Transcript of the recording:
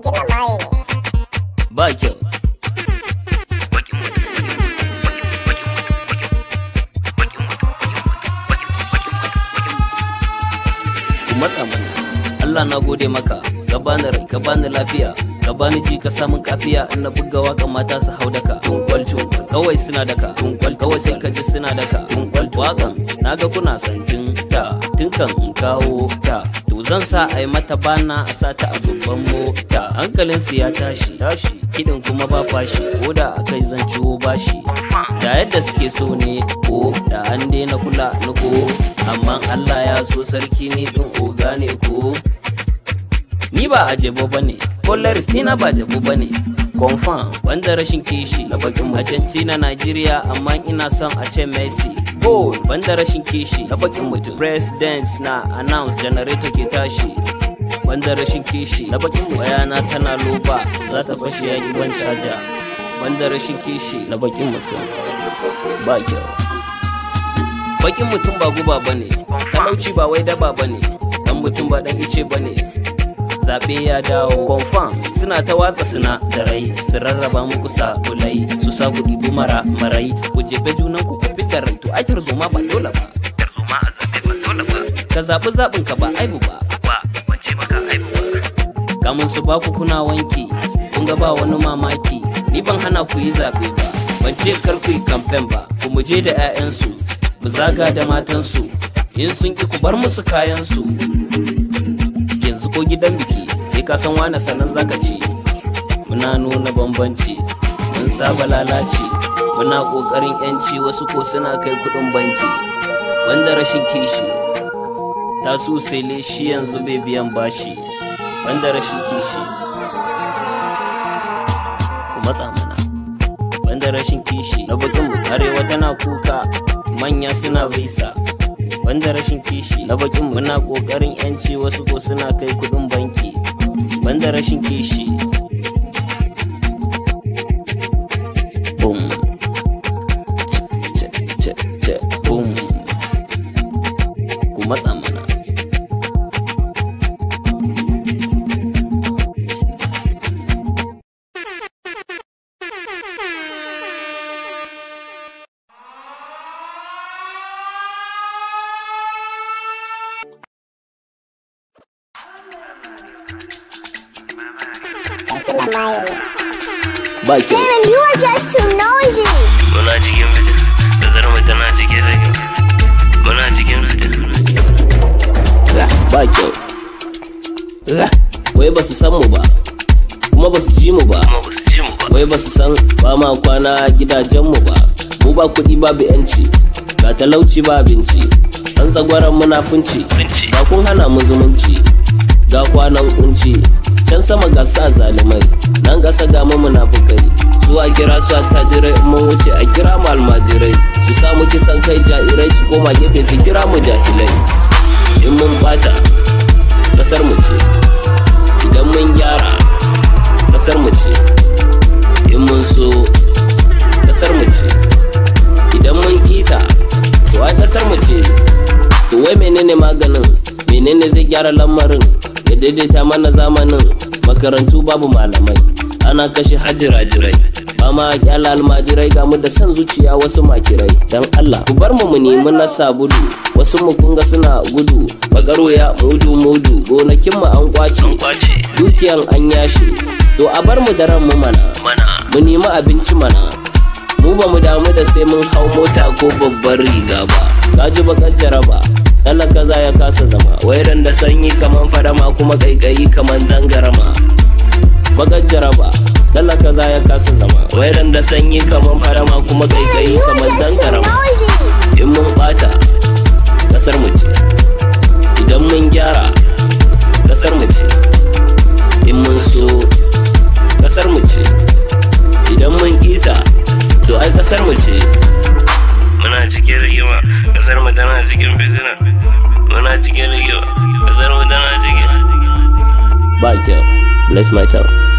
Bakin. maye ne mana Allah na gode maka ka bani rai ka bani lafiya ka bani ji ka samun kafiya ina na buga waka mata su hau daka tunkwal tunkwal kawai suna daka tunkwal kawai sai ka ji suna daka tunkwal wakan ga kuna sanjin ta tun kan kawo ta zan sa a yi mata bana a sata a babban mota Hankalin su ya tashi tashi kiɗin kuma ba fashi ko da a kai zan ciwo bashi da yadda suke so ne ko da an na kula na ko amma allah ya so sarki ne don oga ne ko ni ba a jebo ba ne ni ba jebo ba ne wanda rashin kishi na bakin macanci na najeriya amma ina son a ce messi Vote banda rashin kishi na bakin mutum. Presidents na announce generator ke tashi. Banda rashin kishi na bakin bayana tana loba za ta fashe yi ban caja. Banda rashin kishi na bakin mutum. Ba kyau. Bakin mutum ba guba ne. Talauci ba wai daba bane. Dan mutum ba dan ice bane. zaɓe ya dawo confirm suna ta watsa suna da rai su rarraba muku kulai su sa ku ɗibi mara marai ku jefe junan ku ai tarzoma ba dole ba tarzoma a zabe ba dole ba ka zabi zabin ka ba aibu ba ba ban ce maka aibu ba kamun su ba ku kuna wanki kun ga ba wani mamaki ni ban hana ku yi zaɓe ba ban ce kar ku yi kamfen ba ku mu je da 'ya'yansu mu zaga da matansu in sun ki ku bar musu kayansu yanzu ko gidan biki sai ka san wane sanan zaka ce muna nuna bambanci mun saba lalace muna ƙoƙarin yanci wasu ko suna kai kuɗin banki wanda rashin kishi ta su sele shi yanzu bai biyan bashi wanda rashin kishi kuma tsamana wanda rashin kishi na bakin wata tana kuka manya suna visa wanda rashin kishi na bakin muna ƙoƙarin yanci wasu ko suna kai kuɗin banki wanda rashin kishi ba ki Damon you are just too noisy ba kyau wai ba su san mu ba kuma ba su ji mu ba wai ba su san ba ma kwana gidajenmu ba mu ba kuɗi babu yanci ga talauci ba abinci san tsagwaron munafunci ba kun hana mu zumunci kwanan kunci can sama ga sa zalimai nan gasa ga mu munafukai su a kira su attajirai in mun wuce a kira mu almajirai su samu kisan kai jairai su koma gefe su kira mu jahilai in mun bata kasar mu ce idan mun gyara kasar mu ce in mun so kasar mu ce idan mun kita to ai kasar mu ce to wai menene maganin menene zai gyara lamarin ya daidaita mana zamanin makarantu babu malamai ana kashe hajira-jirai ba ma kyala almajirai ga mu da san zuciya wasu makirai dan Allah ku bar mu mu nemi na sabulu wasu mu kunga suna gudu bagaro ya mudu mudu gonakin mu an kwace dukiyan an yashe to a bar mu da ran mu mana mu nemi abinci mana mu ba mu damu da sai mun hau mota ko babbar riga ba kaji bakar jaraba talaka za ya kasa zama wairan da sanyi kaman fadama kuma kaikayi kaman dangarama bakar jaraba talaka za ya kasa zama wairan da sanyi kaman fadama kuma kaikayi kaman dangarama in mun bata kasar mu ce idan mun gyara kasar mu ce in mun so kasar mu ce idan mun kita to ai kasar mu ce muna cikin rigima kasar mu tana cikin bizina my chicken, nigga. Cause I don't want chicken. Bye, yo. Bless my town.